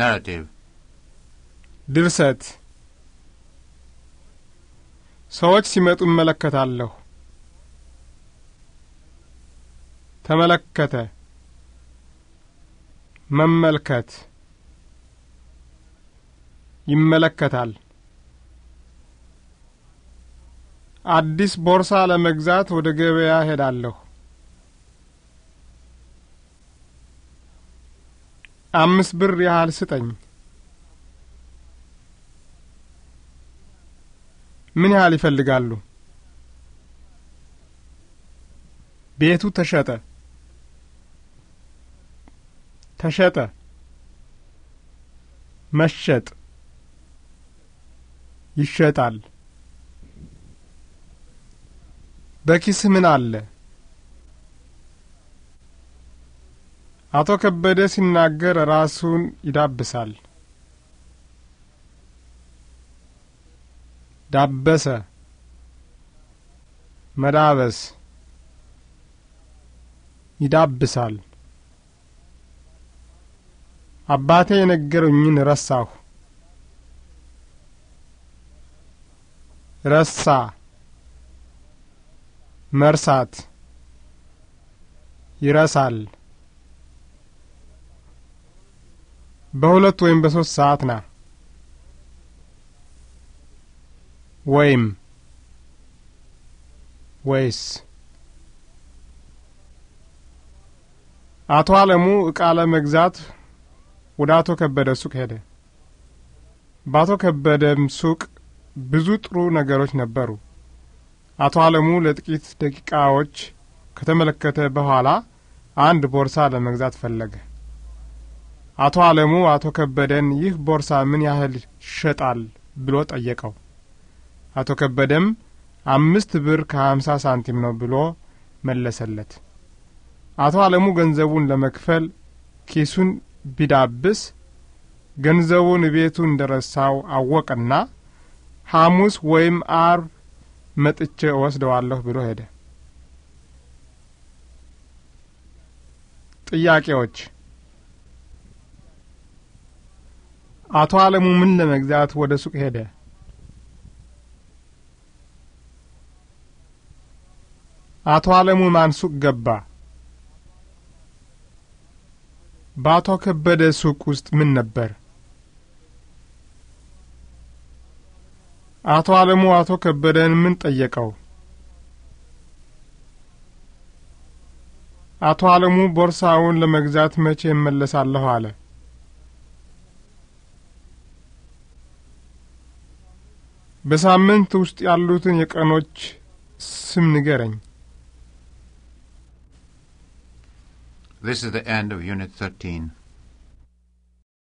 narrative ድርሰት ሰዎች ሲመጡ እመለከታለሁ። ተመለከተ፣ መመልከት፣ ይመለከታል። አዲስ ቦርሳ ለመግዛት ወደ ገበያ ሄዳለሁ። አምስት ብር ያህል ስጠኝ። ምን ያህል ይፈልጋሉ? ቤቱ ተሸጠ። ተሸጠ፣ መሸጥ፣ ይሸጣል። በኪስህ ምን አለ? አቶ ከበደ ሲናገር ራሱን ይዳብሳል። ዳበሰ፣ መዳበስ፣ ይዳብሳል። አባቴ የነገረኝን ረሳሁ። ረሳ፣ መርሳት፣ ይረሳል። በሁለት ወይም በሶስት ሰዓት ና ወይም ወይስ አቶ አለሙ እቃ ለመግዛት ወደ አቶ ከበደ ሱቅ ሄደ። በአቶ ከበደም ሱቅ ብዙ ጥሩ ነገሮች ነበሩ። አቶ አለሙ ለጥቂት ደቂቃዎች ከተመለከተ በኋላ አንድ ቦርሳ ለመግዛት ፈለገ። አቶ አለሙ አቶ ከበደን ይህ ቦርሳ ምን ያህል ይሸጣል ብሎ ጠየቀው። አቶ ከበደም አምስት ብር ከሀምሳ ሳንቲም ነው ብሎ መለሰለት። አቶ አለሙ ገንዘቡን ለመክፈል ኪሱን ቢዳብስ ገንዘቡን ቤቱ እንደ ረሳው አወቀና ሐሙስ ወይም አርብ መጥቼ እወስደዋለሁ ብሎ ሄደ። ጥያቄዎች አቶ አለሙ ምን ለመግዛት ወደ ሱቅ ሄደ? አቶ አለሙ ማን ሱቅ ገባ? በአቶ ከበደ ሱቅ ውስጥ ምን ነበር? አቶ አለሙ አቶ ከበደን ምን ጠየቀው? አቶ አለሙ ቦርሳውን ለመግዛት መቼ እመለሳለሁ አለ? በሳምንት ውስጥ ያሉትን የቀኖች ስም ንገረኝ። This is the end of Unit 13.